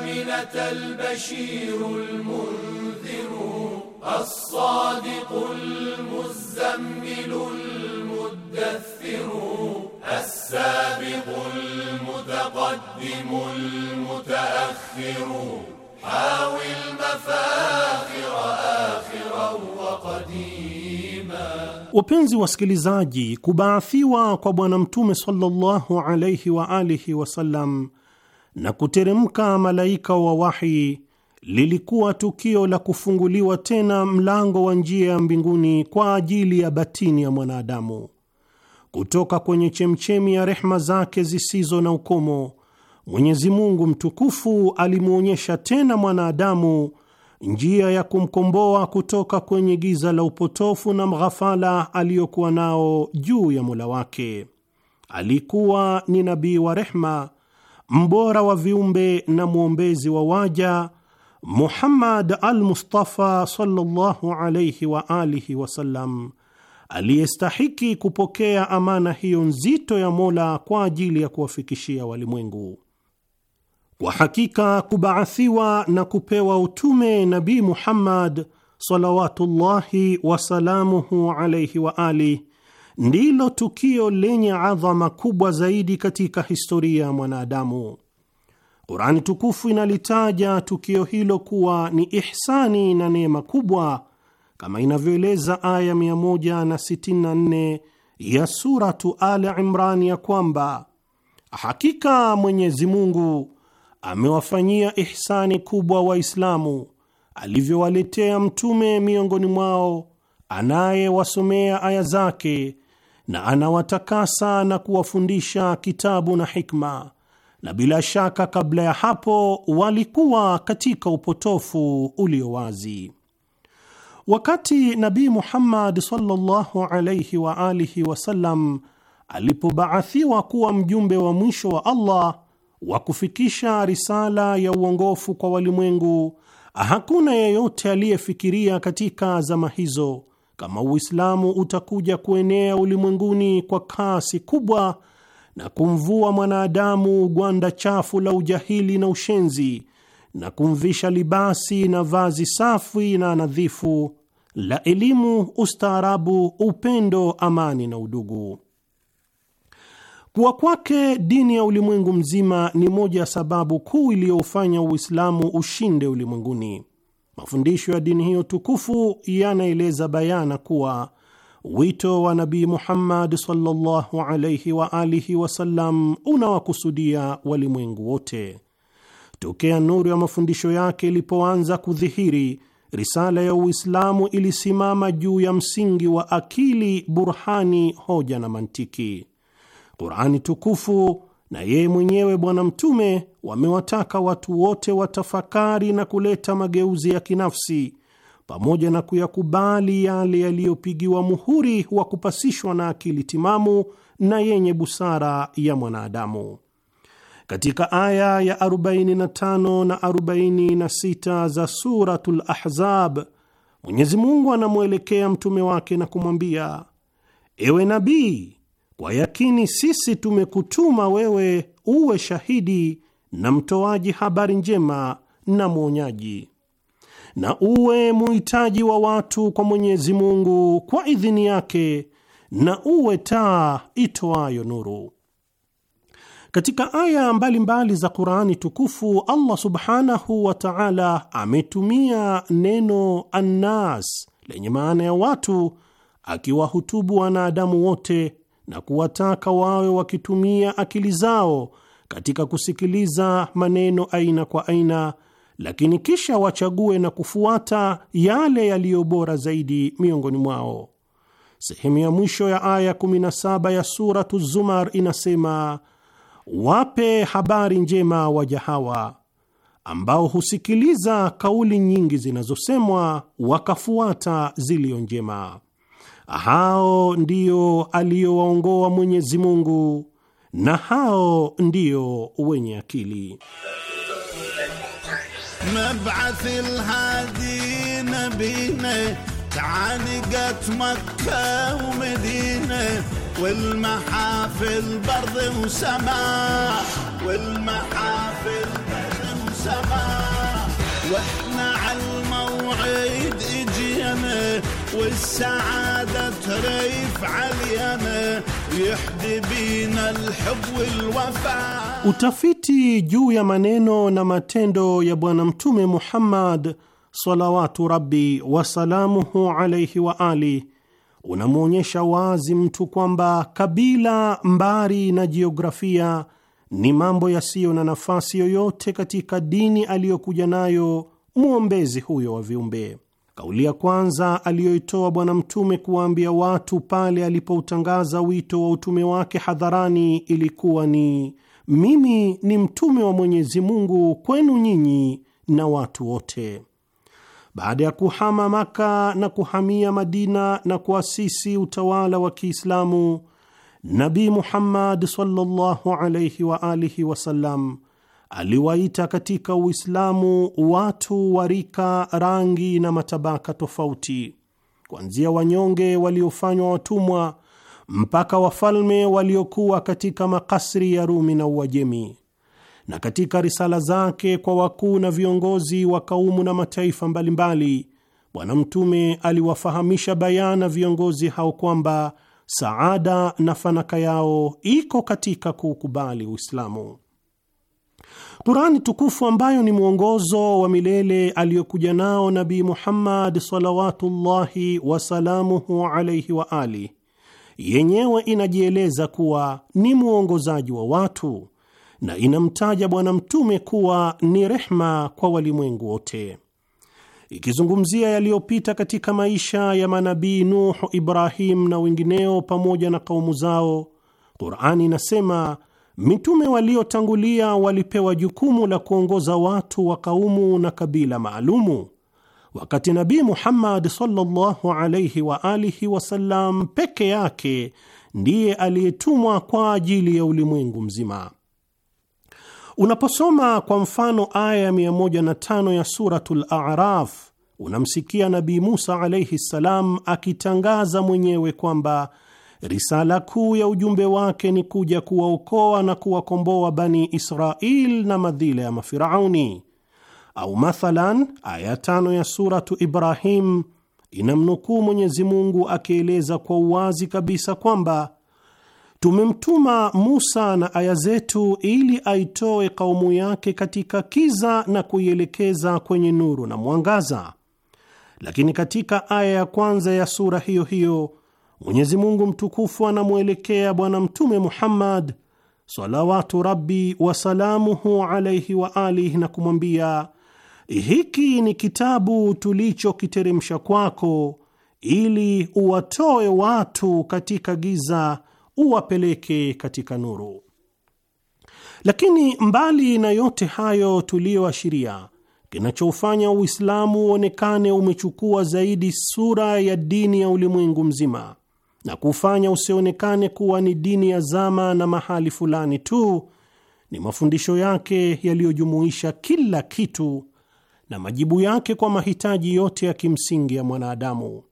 آمنة البشير المنذر الصادق المزمل المدثر السابق المتقدم المتأخر حاوي المفاخر آخرا وقديما Wapenzi wasikilizaji, kubaathiwa kwa Bwana Mtume sallallahu alaihi wa alihi wasallam na kuteremka malaika wa wahi lilikuwa tukio la kufunguliwa tena mlango wa njia ya mbinguni kwa ajili ya batini ya mwanadamu kutoka kwenye chemchemi ya rehma zake zisizo na ukomo. Mwenyezi Mungu mtukufu alimwonyesha tena mwanadamu njia ya kumkomboa kutoka kwenye giza la upotofu na mghafala aliyokuwa nao juu ya Mola wake. Alikuwa ni nabii wa rehma, mbora wa viumbe na mwombezi wa waja Muhammad al-Mustafa sallallahu alayhi wa alihi wasallam aliyestahiki kupokea amana hiyo nzito ya Mola kwa ajili ya kuwafikishia walimwengu. Kwa hakika kubaathiwa na kupewa utume nabi Muhammad salawatullahi wasalamuhu alaihi wa ali ndilo tukio lenye adhama kubwa zaidi katika historia ya mwanadamu. Qurani tukufu inalitaja tukio hilo kuwa ni ihsani na neema kubwa kama inavyoeleza aya 164 ya Suratu Al Imran ya kwamba hakika Mwenyezi Mungu amewafanyia ihsani kubwa Waislamu alivyowaletea mtume miongoni mwao anayewasomea aya zake na anawatakasa na kuwafundisha kitabu na hikma, na bila shaka kabla ya hapo walikuwa katika upotofu ulio wazi. Wakati Nabii Muhammad sallallahu wa alihi wasallam alipobaathiwa kuwa mjumbe wa mwisho wa Allah wa kufikisha risala ya uongofu kwa walimwengu, hakuna yeyote aliyefikiria katika zama hizo kama Uislamu utakuja kuenea ulimwenguni kwa kasi kubwa na kumvua mwanadamu gwanda chafu la ujahili na ushenzi na kumvisha libasi na vazi safi na nadhifu la elimu, ustaarabu, upendo, amani na udugu. Kuwa kwake dini ya ulimwengu mzima ni moja ya sababu kuu iliyoufanya Uislamu ushinde ulimwenguni. Mafundisho ya dini hiyo tukufu yanaeleza bayana kuwa wito wa Nabii Muhammad sallallahu wa alihi wasallam unawakusudia walimwengu wote. Tokea nuru ya mafundisho yake ilipoanza kudhihiri, risala ya Uislamu ilisimama juu ya msingi wa akili, burhani, hoja na mantiki. Qurani tukufu na yeye mwenyewe Bwana Mtume wamewataka watu wote watafakari na kuleta mageuzi ya kinafsi pamoja na kuyakubali yale yaliyopigiwa muhuri wa kupasishwa na akili timamu na yenye busara ya mwanadamu. Katika aya ya 45 na 46 za Suratul Ahzab, Mwenyezi Mungu anamwelekea mtume wake na kumwambia, ewe nabii kwa yakini sisi tumekutuma wewe uwe shahidi na mtoaji habari njema na mwonyaji, na uwe muhitaji wa watu kwa Mwenyezi Mungu kwa idhini yake, na uwe taa itoayo nuru. Katika aya mbalimbali mbali za Qur'ani tukufu Allah Subhanahu wa Ta'ala ametumia neno annas lenye maana ya watu, akiwahutubu wanadamu wote na kuwataka wawe wakitumia akili zao katika kusikiliza maneno aina kwa aina, lakini kisha wachague na kufuata yale yaliyo bora zaidi miongoni mwao. Sehemu ya mwisho ya aya 17 ya Suratu Zumar inasema, wape habari njema waja hawa ambao husikiliza kauli nyingi zinazosemwa wakafuata zilizo njema. hao ndiyo aliyowaongoa Mwenyezi Mungu na hao ndiyo wenye akili. والسعادة تريف عاليمه يحدي بينا الحب والوفاء. Utafiti juu ya maneno na matendo ya Bwana Mtume Muhammad salawatu rabbi wasalamuhu alaihi wa ali unamwonyesha wazi mtu kwamba kabila, mbari na jiografia ni mambo yasiyo na nafasi yoyote katika dini aliyokuja nayo mwombezi huyo wa viumbe. Kauli ya kwanza aliyoitoa Bwana Mtume kuwaambia watu pale alipoutangaza wito wa utume wake hadharani ilikuwa ni mimi ni mtume wa Mwenyezi Mungu kwenu nyinyi na watu wote. Baada ya kuhama Maka na kuhamia Madina na kuasisi utawala wa Kiislamu, Nabi Muhammad sallallahu alayhi wa alihi wasallam aliwaita katika Uislamu watu wa rika, rangi na matabaka tofauti, kuanzia wanyonge waliofanywa watumwa mpaka wafalme waliokuwa katika makasri ya Rumi na Uajemi. Na katika risala zake kwa wakuu na viongozi wa kaumu na mataifa mbalimbali, Bwana Mtume aliwafahamisha bayana viongozi hao kwamba saada na fanaka yao iko katika kuukubali Uislamu. Qurani tukufu ambayo ni mwongozo wa milele aliyokuja nao Nabii Muhammad salawatullahi wasalamuhu alaihi wa ali, yenyewe inajieleza kuwa ni mwongozaji wa watu na inamtaja Bwana Mtume kuwa ni rehma kwa walimwengu wote, ikizungumzia yaliyopita katika maisha ya manabii nuhu Ibrahim na wengineo pamoja na kaumu zao. Qurani inasema Mitume waliotangulia walipewa jukumu la kuongoza watu wa kaumu na kabila maalumu, wakati nabi Muhammad sallallahu wa alihi wasallam peke yake ndiye aliyetumwa kwa ajili ya ulimwengu mzima. Unaposoma kwa mfano aya ya 105 ya Suratul Araf unamsikia Nabii Musa alaihi ssalam akitangaza mwenyewe kwamba Risala kuu ya ujumbe wake ni kuja kuwaokoa na kuwakomboa Bani Israil na madhila ya mafirauni. Au mathalan, aya tano ya Suratu Ibrahim inamnukuu Mwenyezi Mungu akieleza kwa uwazi kabisa kwamba tumemtuma Musa na aya zetu ili aitoe kaumu yake katika kiza na kuielekeza kwenye nuru na mwangaza. Lakini katika aya ya kwanza ya sura hiyo hiyo Mwenyezi Mungu mtukufu anamwelekea Bwana Mtume Muhammad salawatu rabbi wasalamuhu alaihi wa alihi na kumwambia, hiki ni kitabu tulichokiteremsha kwako ili uwatoe watu katika giza uwapeleke katika nuru. Lakini mbali na yote hayo tuliyoashiria, kinachoufanya Uislamu uonekane umechukua zaidi sura ya dini ya ulimwengu mzima na kufanya usionekane kuwa ni dini ya zama na mahali fulani tu, ni mafundisho yake yaliyojumuisha kila kitu na majibu yake kwa mahitaji yote ya kimsingi ya mwanadamu.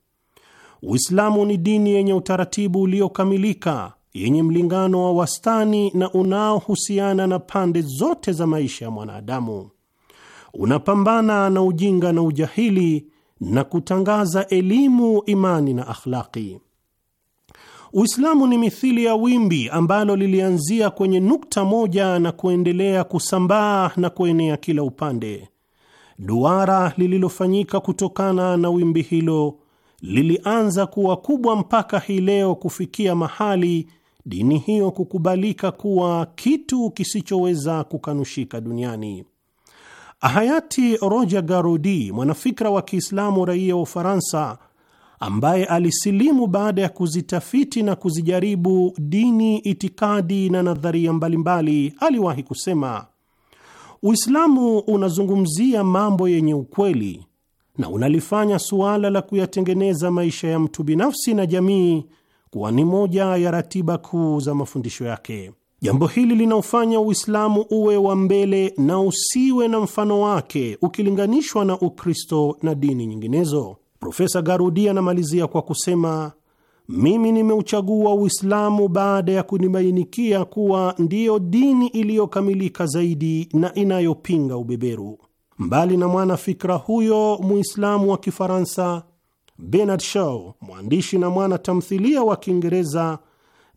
Uislamu ni dini yenye utaratibu uliokamilika, yenye mlingano wa wastani na unaohusiana na pande zote za maisha ya mwanadamu. Unapambana na ujinga na ujahili na kutangaza elimu, imani na akhlaki. Uislamu ni mithili ya wimbi ambalo lilianzia kwenye nukta moja na kuendelea kusambaa na kuenea kila upande. Duara lililofanyika kutokana na wimbi hilo lilianza kuwa kubwa mpaka hii leo kufikia mahali dini hiyo kukubalika kuwa kitu kisichoweza kukanushika duniani. Hayati Roger Garodi, mwanafikra wa Kiislamu raia wa Ufaransa, ambaye alisilimu baada ya kuzitafiti na kuzijaribu dini, itikadi na nadharia mbalimbali, aliwahi kusema, Uislamu unazungumzia mambo yenye ukweli na unalifanya suala la kuyatengeneza maisha ya mtu binafsi na jamii kuwa ni moja ya ratiba kuu za mafundisho yake. Jambo hili linaofanya Uislamu uwe wa mbele na usiwe na mfano wake ukilinganishwa na Ukristo na dini nyinginezo. Profesa Garudi anamalizia kwa kusema, mimi nimeuchagua Uislamu baada ya kunibainikia kuwa ndiyo dini iliyokamilika zaidi na inayopinga ubeberu. Mbali na mwanafikra huyo Muislamu wa Kifaransa, Bernard Shaw, mwandishi na mwana tamthilia wa Kiingereza,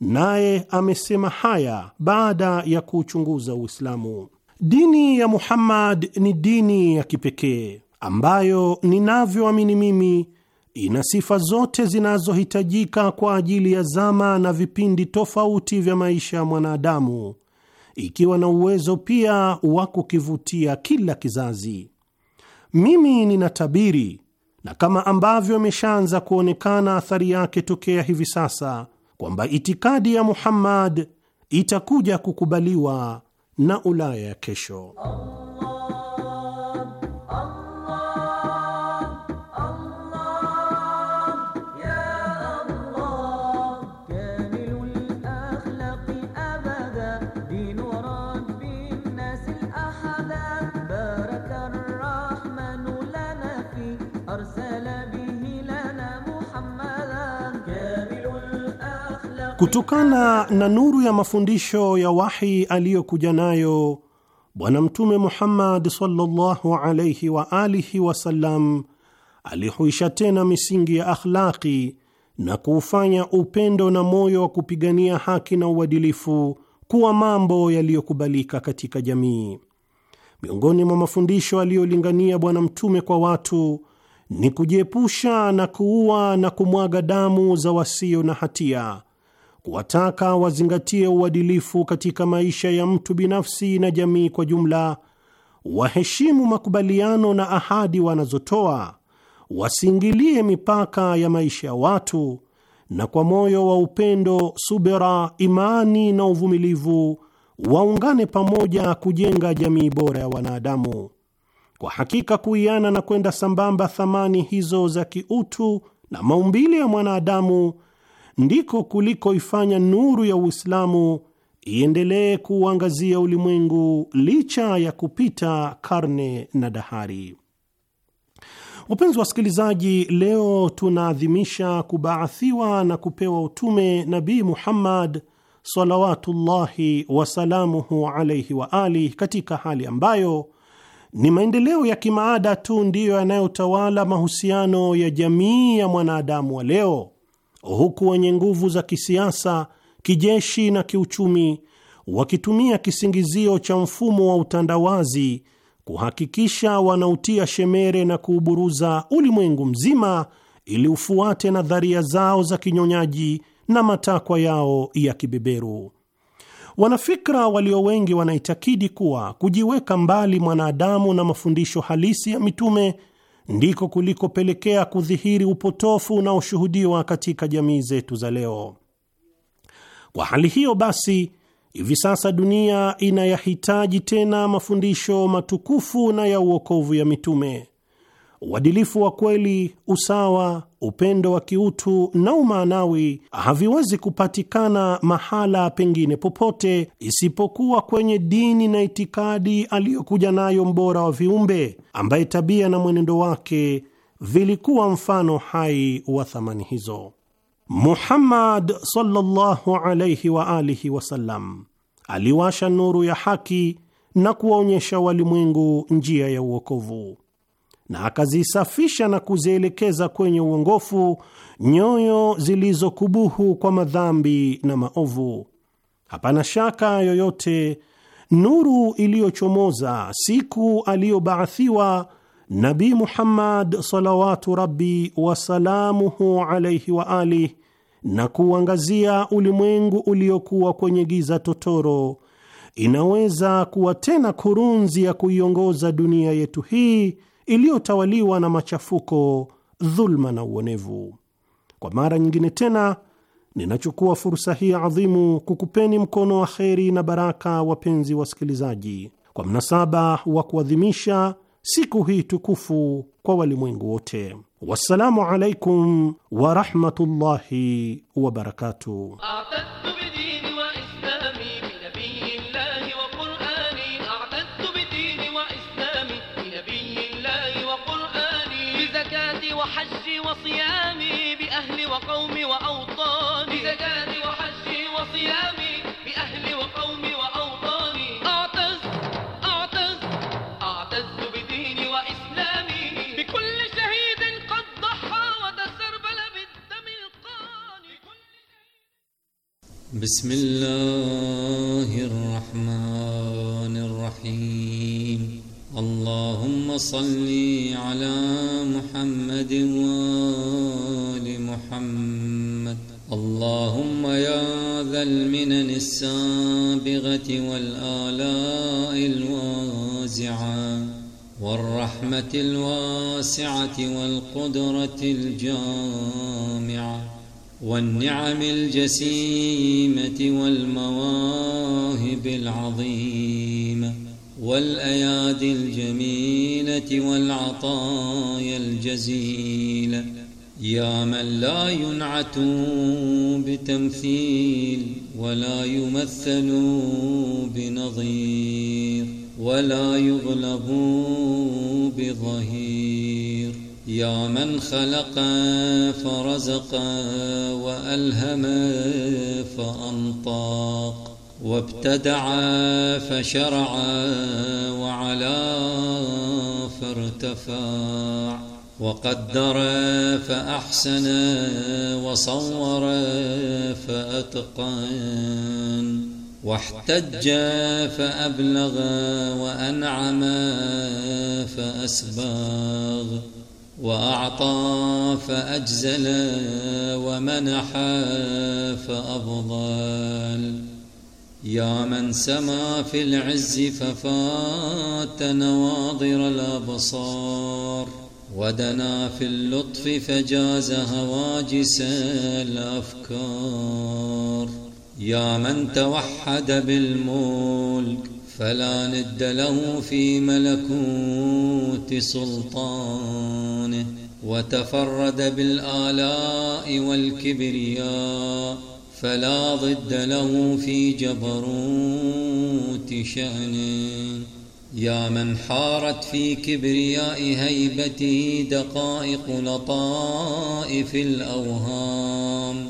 naye amesema haya baada ya kuuchunguza Uislamu. Dini ya Muhammad ni dini ya kipekee ambayo ninavyoamini mimi ina sifa zote zinazohitajika kwa ajili ya zama na vipindi tofauti vya maisha ya mwanadamu, ikiwa na uwezo pia wa kukivutia kila kizazi. Mimi ninatabiri, na kama ambavyo imeshaanza kuonekana athari yake tokea hivi sasa, kwamba itikadi ya Muhammad itakuja kukubaliwa na Ulaya ya kesho. Kutokana na nuru ya mafundisho ya wahi aliyokuja nayo Bwana Mtume Muhammad sallallahu alayhi wa alihi wasallam alihuisha tena misingi ya akhlaqi na kuufanya upendo na moyo wa kupigania haki na uadilifu kuwa mambo yaliyokubalika katika jamii. Miongoni mwa mafundisho aliyolingania Bwana Mtume kwa watu ni kujiepusha na kuua na kumwaga damu za wasio na hatia kuwataka wazingatie uadilifu katika maisha ya mtu binafsi na jamii kwa jumla, waheshimu makubaliano na ahadi wanazotoa, wasiingilie mipaka ya maisha ya watu, na kwa moyo wa upendo, subira, imani na uvumilivu waungane pamoja kujenga jamii bora ya wanadamu. Kwa hakika kuiana na kwenda sambamba thamani hizo za kiutu na maumbile ya mwanadamu ndiko kulikoifanya nuru ya Uislamu iendelee kuuangazia ulimwengu licha ya kupita karne na dahari. Wapenzi wasikilizaji, leo tunaadhimisha kubaathiwa na kupewa utume Nabii Muhammad salawatullahi wasalamuhu alaihi wa ali, katika hali ambayo ni maendeleo ya kimaada tu ndiyo yanayotawala mahusiano ya jamii ya mwanadamu wa leo, huku wenye nguvu za kisiasa, kijeshi na kiuchumi wakitumia kisingizio cha mfumo wa utandawazi kuhakikisha wanautia shemere na kuuburuza ulimwengu mzima ili ufuate nadharia zao za kinyonyaji na matakwa yao ya kibeberu. Wanafikra walio wengi wanaitakidi kuwa kujiweka mbali mwanadamu na mafundisho halisi ya mitume ndiko kulikopelekea kudhihiri upotofu unaoshuhudiwa katika jamii zetu za leo. Kwa hali hiyo basi, hivi sasa dunia inayahitaji tena mafundisho matukufu na ya uokovu ya mitume, uadilifu wa kweli, usawa, upendo wa kiutu na umaanawi haviwezi kupatikana mahala pengine popote isipokuwa kwenye dini na itikadi aliyokuja nayo mbora wa viumbe, ambaye tabia na mwenendo wake vilikuwa mfano hai wa thamani hizo. Muhammad sallallahu alayhi wa alihi wasallam aliwasha nuru ya haki na kuwaonyesha walimwengu njia ya uokovu na akazisafisha na kuzielekeza kwenye uongofu nyoyo zilizokubuhu kwa madhambi na maovu. Hapana shaka yoyote, nuru iliyochomoza siku aliyobaathiwa Nabi Muhammad salawatu rabi wasalamuhu alaihi wa ali na kuuangazia ulimwengu uliokuwa kwenye giza totoro, inaweza kuwa tena kurunzi ya kuiongoza dunia yetu hii iliyotawaliwa na machafuko, dhulma na uonevu. Kwa mara nyingine tena ninachukua fursa hii adhimu kukupeni mkono wa kheri na baraka, wapenzi wasikilizaji, kwa mnasaba wa kuadhimisha siku hii tukufu kwa walimwengu wote. Wassalamu alaikum warahmatullahi wabarakatuh. وحجي وصيامي بأهلي وقومي وأوطاني بزكاتي وحجي وصيامي بأهلي وقومي وأوطاني أعتز أعتز أعتز بديني وإسلامي بكل شهيد قد ضحى وتسربل بالدم القاني بسم الله الرحمن الرحيم اللهم صل على محمد وآل محمد اللهم يا ذا المنن السابغة والآلاء الوازعة والرحمة الواسعة والقدرة الجامعة والنعم الجسيمة والمواهب العظيمة والأيادي الجميلة والعطايا الجزيل يا من لا ينعت بتمثيل ولا يمثل بنظير ولا يغلب بظهير يا من خلق فرزق وألهم فأنطاق وابتدع فشرع وعلاق فارتفع وقدر فأحسن وصور فأتقن واحتج فأبلغ وأنعم فأسباغ وأعطى فأجزل ومنح فأفضل يا من سما في العز ففات نواضر الأبصار ودنا في اللطف فجاز هواجس الأفكار يا من توحد بالملك فلا ند له في ملكوت سلطانه وتفرد بالآلاء والكبرياء فلا ضد له في جبروت شأنه يا من حارت في كبرياء هيبته دقائق لطائف الأوهام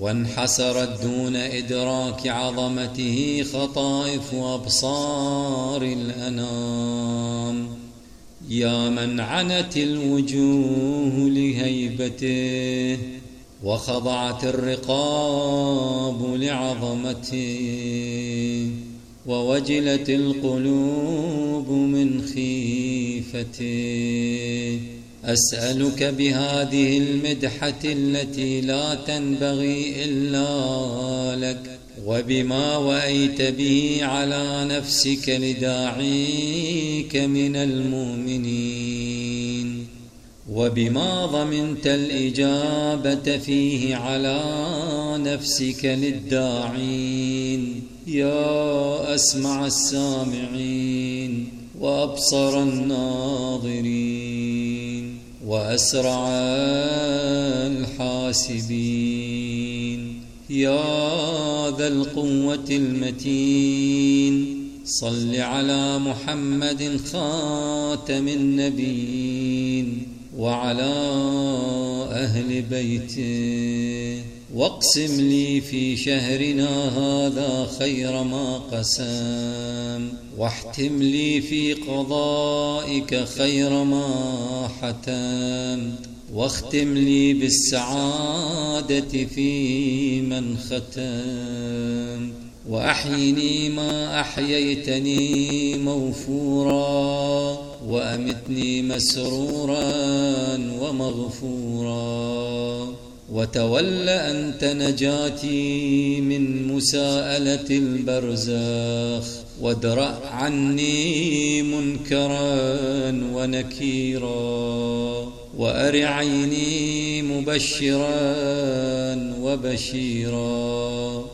وانحسرت دون إدراك عظمته خطائف أبصار الأنام يا من عنت الوجوه لهيبته وخضعت الرقاب لعظمته ووجلت القلوب من خيفته أسألك بهذه المدحة التي لا تنبغي إلا لك وبما وأيت به على نفسك لداعيك من المؤمنين وبما ضمنت الإجابة فيه على نفسك للداعين يا أسمع السامعين وأبصر الناظرين وأسرع الحاسبين يا ذا القوة المتين صل على محمد خاتم النبيين وعلى أهل بيته واقسم لي في شهرنا هذا خير ما قسم واحتم لي في قضائك خير ما حتم واختم لي بالسعادة في من ختم وأحيني ما أحييتني موفوراً وأمتني مسرورا ومغفورا وتول أنت نجاتي من مساءلة البرزاخ وادرأ عني منكرا ونكيرا وأر عيني مبشرا وبشيرا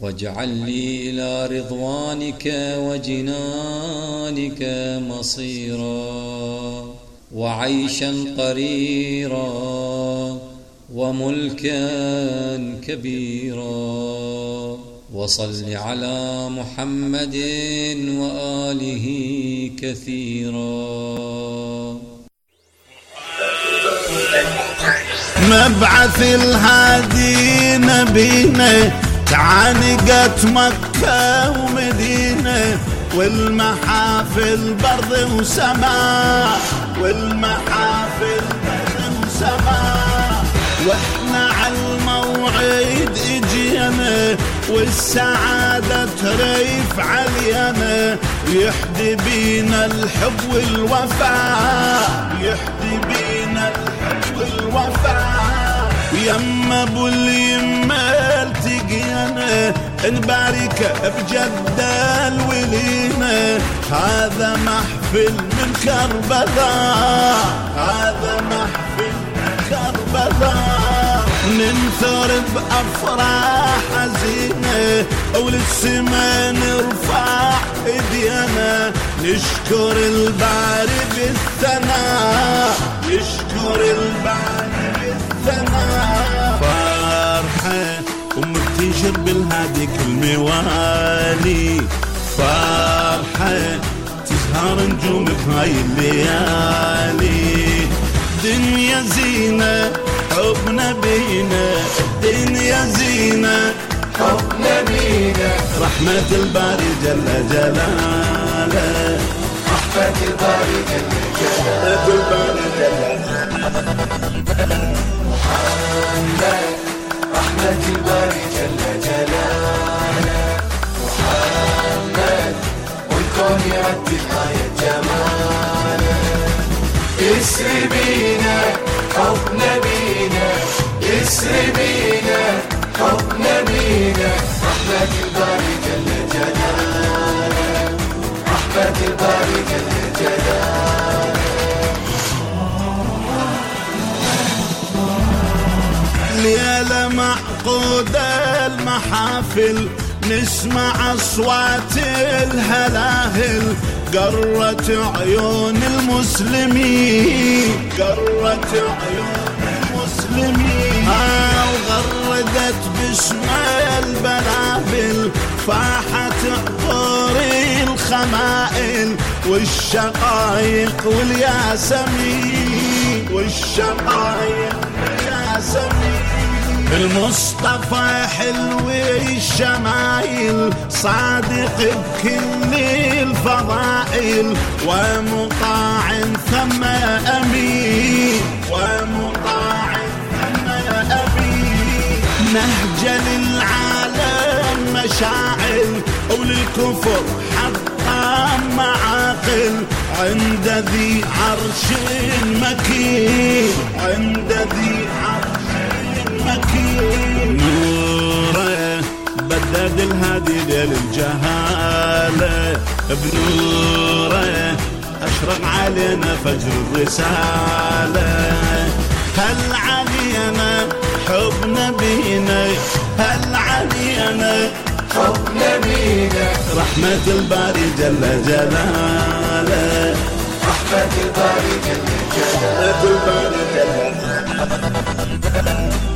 واجعل لي إلى رضوانك وجنانك مصيرا وعيشا قريرا وملكا كبيرا وصل على محمد وآله كثيرا مبعث الهادي نبينا تعانقت مكة ومدينة والمحافل برد وسماء والمحافل برد وسماء واحنا على الموعد اجينا والسعادة تريف علينا يحدي بينا الحب والوفاء يحدي بينا الحب والوفاء يما ابو اليمه التقي نبارك بجدة الولينا هذا محفل من كربلاء هذا محفل من كربلاء ننثر بأفراح حزينة وللسما نرفع ايدينا نشكر الباري بالثناء نشكر الباري بالثناء عاشر بالهادي كل موالي فرحة تزهر نجوم بهاي الليالي دنيا زينة حبنا بينا دنيا زينة حبنا بينا رحمة الباري جل جلاله رحمة الباري جل جلاله محمد برحمة الباري جل جلاله محمد والكون يرتب آية جماله اسري بينا حب نبينا اسري بينا حب نبينا رحمة الباري جل جلاله رحمة الباري جل جلاله Yeah. عقود المحافل نسمع أصوات الهلاهل قرت عيون المسلمين قرت عيون المسلمين آه وغردت بسم البلابل فاحت عطور الخمائل والشقايق والياسمين والشقايق والياسمين المصطفى حلو الشمايل صادق بكل الفضائل ومطاع ثم أمين ومطاع ثم أمين نهج للعالم مشاعل وللكفر حقا معاقل عند ذي عرش مكين عند ذي عرش حدد الهادي للجهالة بنوره أشرق علينا فجر الرسالة هل علينا حب نبينا هل علينا حب نبينا رحمة الباري جل جلاله رحمة الباري جل جلاله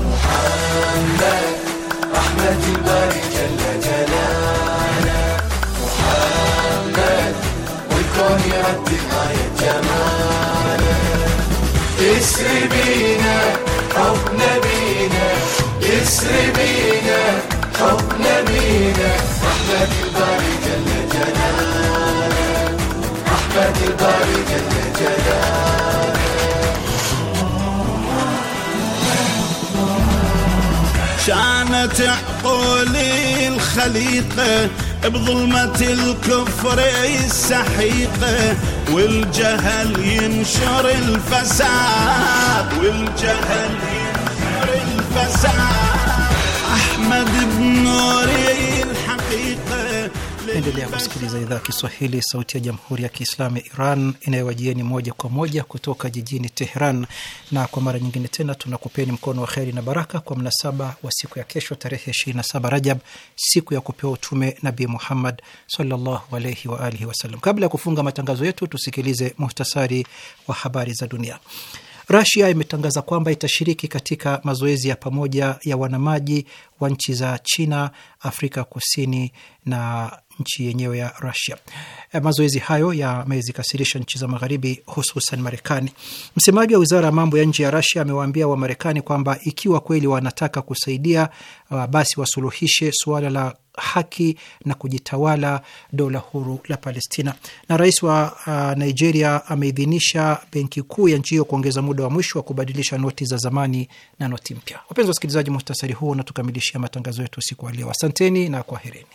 محمد رحمة الباري جل جلاله محمد والكون يرتب آية جماله يسري حب نبينا يسري حب نبينا رحمة الباري جل جلاله رحمة الباري جل جلاله شانت عقول الخليقة بظلمة الكفر السحيقة والجهل ينشر الفساد والجهل ينشر الفساد أحمد Naendelea kusikiliza idhaa ya Kiswahili, sauti ya jamhuri ya kiislamu ya Iran inayowajieni moja kwa moja kutoka jijini Teheran. Na kwa mara nyingine tena tunakupeni mkono wa kheri na baraka kwa mnasaba wa siku ya kesho, tarehe 27 Rajab, siku ya kupewa utume Nabii Muhammad sallallahu alaihi wa alihi wasallam. Kabla ya kufunga matangazo yetu, tusikilize muhtasari wa habari za dunia. Rasia imetangaza kwamba itashiriki katika mazoezi ya pamoja ya wanamaji wa nchi za China, Afrika Kusini na nchi yenyewe ya Russia. Eh, mazoezi hayo yamezikasirisha nchi za Magharibi, hususan Marekani. Msemaji wa wizara ya mambo ya nje ya Russia amewaambia Wamarekani kwamba ikiwa kweli wanataka kusaidia, uh, basi wasuluhishe suala la haki na kujitawala dola huru la Palestina. Na rais wa uh, Nigeria ameidhinisha benki kuu ya nchi hiyo kuongeza muda wa mwisho wa kubadilisha noti za zamani na noti mpya. Wapenzi wasikilizaji, muhtasari huu unatukamilishia matangazo yetu usiku wa leo. Asanteni na kwaherini.